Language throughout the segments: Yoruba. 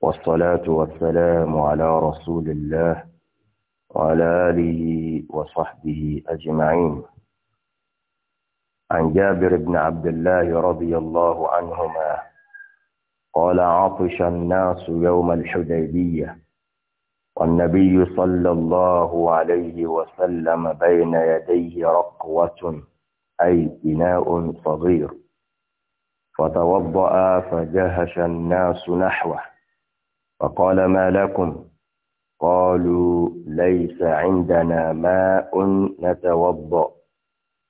والصلاة والسلام على رسول الله وعلى آله وصحبه أجمعين عن جابر بن عبد الله رضي الله عنهما قال عطش الناس يوم الحديبية والنبي صلى الله عليه وسلم بين يديه رقوة أي إناء صغير فتوضأ فجهش الناس نحوه فقال ما لكم قالوا ليس عندنا ماء نتوضأ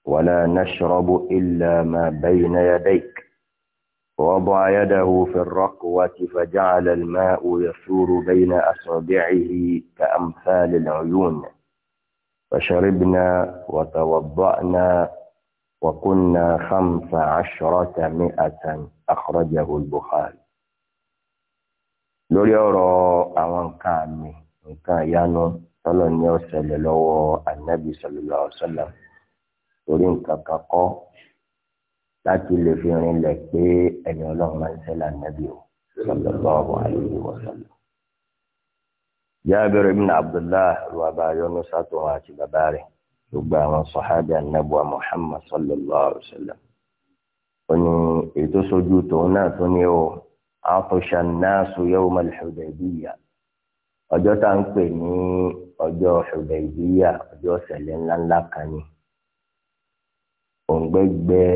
ولا نشرب إلا ما بين يديك ووضع يده في الرقوة فجعل الماء يسور بين أصابعه كأمثال العيون فشربنا وتوضأنا وكنا خمس عشرة مئة أخرجه البخاري lórí ọ̀rọ̀ àwọn nǹkan àmì nǹkan ìyanu tọ́lọ̀ ní ọ̀sẹ̀lẹ̀ lọ́wọ́ ànábì sallallahu alaihi wasallam torí nǹkan kan kọ́ láti lè fi rinlẹ̀ pé ẹni ọlọ́run máa ń sẹ́lẹ̀ ànábì o sallallahu alaihi wasallam. Jabir ibn Abdullah ruwaba yọnu sátọ̀ àti bàbá rẹ̀ gbogbo àwọn sọ̀hábì ànábì wa Muhammad sallallahu alaihi wasallam. ó ní èyí tó sojú tòun náà tó ní عطش الناس يوم الحديبية ọjọ́ tá ń pè ní ọjọ́ Hudaybiya ọjọ́ ṣẹlẹ̀ ńláńlá kan ni òǹgbẹ́gbẹ́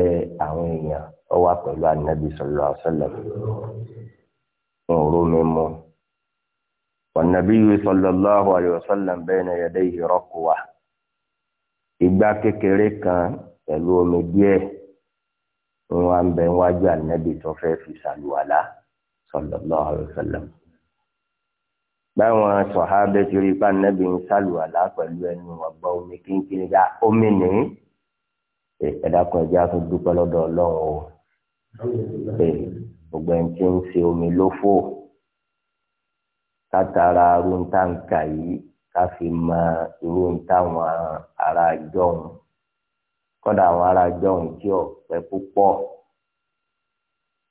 àwọn èèyàn ó wà pẹ̀lú anabi sallallahu alaihi wasallam wọn ò rómi mu ọ̀nàbí yìí sallallahu alaihi wasallam bayna yadayhi raqwa ìgbá kékeré kan pẹ̀lú omi díẹ̀ wọn bẹ wájú anabi tó fẹ́ fi ṣàlùwàlá sallallahu alaihi wasallam. báwọn sọ̀hábẹ́ ti rí pàǹdẹ́bí ń sàlùwàlá pẹ̀lú ẹnu ọ̀gbà omi kínkín dá omi ní ẹ̀dákun ẹ̀jẹ̀ á tún dúpẹ́ lọ́dọ̀ ọlọ́run o gbogbo ẹni tí ń ṣe omi lófò látara runtanka yìí ká fi mọ irú táwọn ará jọ̀hún kọ́dà àwọn ará jọ̀hún tí ọ̀pẹ púpọ̀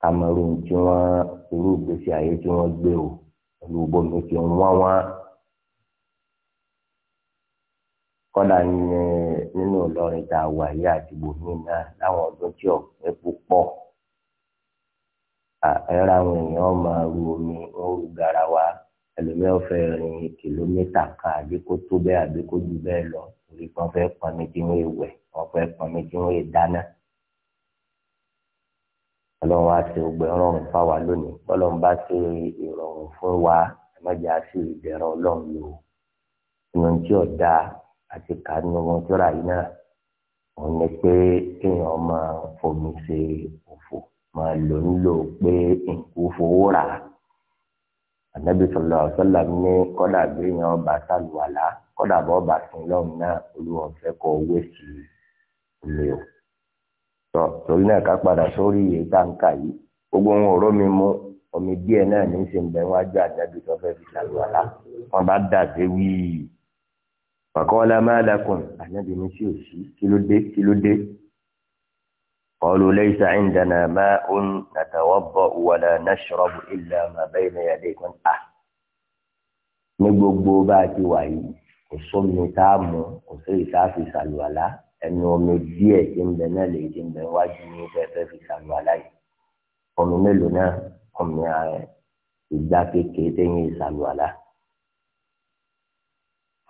kàmẹ́rù tí wọ́n irú ìgbésí ayé tí wọ́n gbé o pẹ̀lú bómi ti ń wọ́n wọ́n. kọ́dà nínú Ìlọrin tá a wà yí àti bòmí náà láwọn ọdún tí ọ̀pẹ́ púpọ̀ ẹ̀rọ àwọn èèyàn máa ru omi wọn ru garawa ẹlòmíràn fẹ́ rin kìlómítà kan àbí kó tó bẹ́ẹ̀ àbí kó jù bẹ́ẹ̀ lọ torí wọ́n fẹ́ pọnmi tí wọ́n èèwẹ̀ wọ́n fẹ́ pọnmi tí wọ́n èèdáná ọlọ́run wa ṣe ògbẹ́ ọlọ́run fáwa lónìí ọlọ́run bá ṣe ìrọ̀rùn fún wa ẹ̀mọ́jà sí ìdẹ̀rọ̀ ọlọ́run lò ìyọ̀n tí ò dáa àti kánú wọn tó rà yìí náà òun ni pé kéèyàn máa fomi ṣe òfò máa lò ń lò pé nǹkú fowó rà á ànábì sọlọ àṣọlá ní kọ́dà gbéyàn ọba sálùwàlá kọ́dà bọ́ ọba lọ́run náà olúwọ̀n fẹ́ kọ́ owó sí i lè o tọ torí náà ká padà sórí èyí tá n kà yìí gbogbo ohun ọ̀rọ̀ mi mú omi díẹ̀ náà ní í ṣe ń bẹ wọn ajá àjábí tó fẹ́ fi ṣàlùwàlá wọn bá dà sí wíì fàkọ́lá máa lakùn ànábì mi sí òsì kí ló dé kí ló dé kọlu lẹ́yìn àìndànà máa ń nàtàwọ́ bọ̀ wàlà nàṣọ́rọ́bù ìlà máa bẹ́ẹ̀ ní ẹ̀dẹ́ kan à ní gbogbo bá a ti wà yìí kò sómi tá a mú kò sí ìta fi ṣàlùwàlá ẹnu omi díẹ̀ tí ń bẹ náà lè ti ń bẹ wájú ní fẹ́fẹ́ fi sàlù aláì omi mélòó náà omi ìgbà kékeré téyìn ìsàlù alá.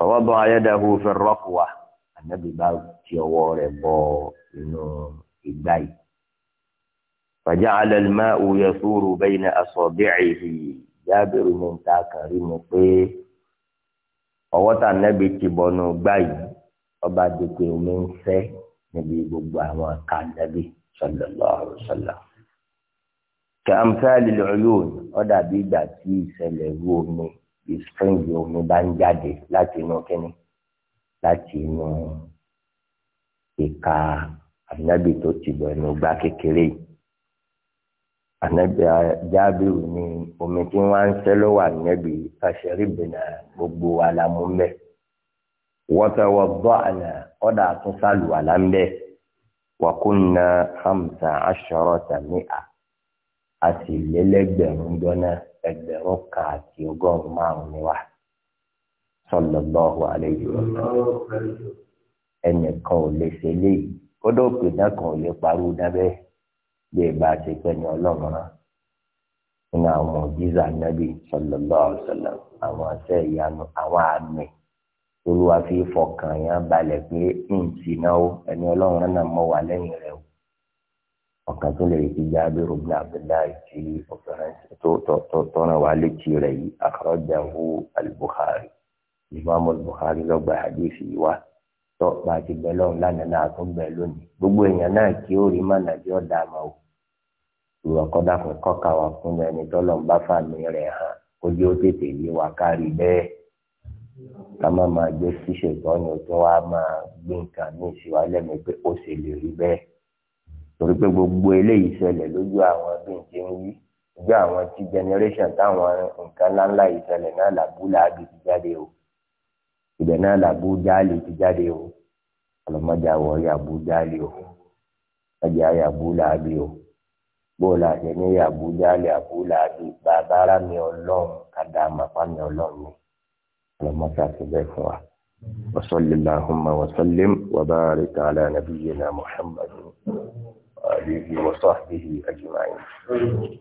ọwọ́ bọ́ ayédáhu fẹ́ rọ́pù wa ànábì bá ti ọwọ́ rẹ̀ bọ inú ìgbà yìí. فجعل الماء يثور بين أصابعه جابر من تاكرين pé ọwọ́ tà nẹ́bi ti bọnu gbá yìí ọba dèpè omi ń fẹ́ níbi gbogbo àwọn ẹ̀ka nàbí sallallahu alaihi wasallam. kàmsáàlì lọ́yún ọ̀dà bí ìgbà tí ìṣẹ̀lẹ̀ ru omi bí springi omi bá ń jáde láti inú kínní láti inú ìka ànábì tó ti bọ̀ ẹnu gbá kékeré yìí. Ànábì Jábìrù ni omi tí wọ́n á ń sẹ́ lọ́wọ́ ànábì káṣẹ́rì bìnnà gbogbo wa la mú mẹ́ẹ̀ watawadda'na ọ̀dà àtúnṣàlù àlámbẹ́ wa kunna hamsa asharata mi'a a sì lélẹ́gbẹ̀rún jọ́nà ẹgbẹ̀rún kan àti ọgọ́rùn-ún márùn-ún ni wá sallallahu alayhi wa sallam ẹnìkan ò lè ṣe léyìí kódà òpèdà kan ò lè parú dábẹ́ bí ẹ bá ṣe pẹ́ ní ọlọ́run nínú àwọn òjíṣà nábì sallallahu alayhi wa sallam àwọn àṣẹ ìyanu àwọn àmì olúwa fi fọkàn yẹn balẹ̀ pé ń sì náà ó ẹni ọlọ́run náà mọ̀ wá lẹ́yìn rẹ̀ o ọkàn tó lè fi Jábìrù bin Abdullahi tí tọ́nà wà létí rẹ̀ yìí akhrajahu al-Bukhari Imam al-Bukhari lọ́gbà hadithi yìí wá tọ́ bá ti bẹ̀ lọ́run lánàá náà tó bẹ̀ lónìí gbogbo èèyàn náà kí ó rí mọ̀nà tí ó dá o ìwọ kọ́dà fún kọ́ka wa fún ẹni tọ́lọ́run bá fàmì rẹ̀ hàn kó jẹ́ ó tètè yé wa kárí bẹ́ẹ̀ ká má máa jẹ́ ṣíṣe ìtọ́ni tó wá máa gbé nǹkan míì sí wa lẹ́nu pé ó ṣe lè rí bẹ́ẹ̀ torí pé gbogbo eléyìí ṣẹlẹ̀ lójú àwọn bí n ṣe ń wí lójú àwọn tí generation táwọn nǹkan ńláńlá yìí ṣẹlẹ̀ náà làbú làábì ti jáde o ibẹ̀ náà làbú jáàlì ti jáde o ọlọ́mọdé àwọ̀ yàbú jáàlì o ọjà yàbú làábì o bóòlù àṣẹ ní yàbú jáàlì àbú làábì bàbá ara mi ọlọ́run kàdá àmàpá mi ọlọ́run ni. لما تعتذر فواه وصل اللهم وسلم وبارك على نبينا محمد وآله وصحبه أجمعين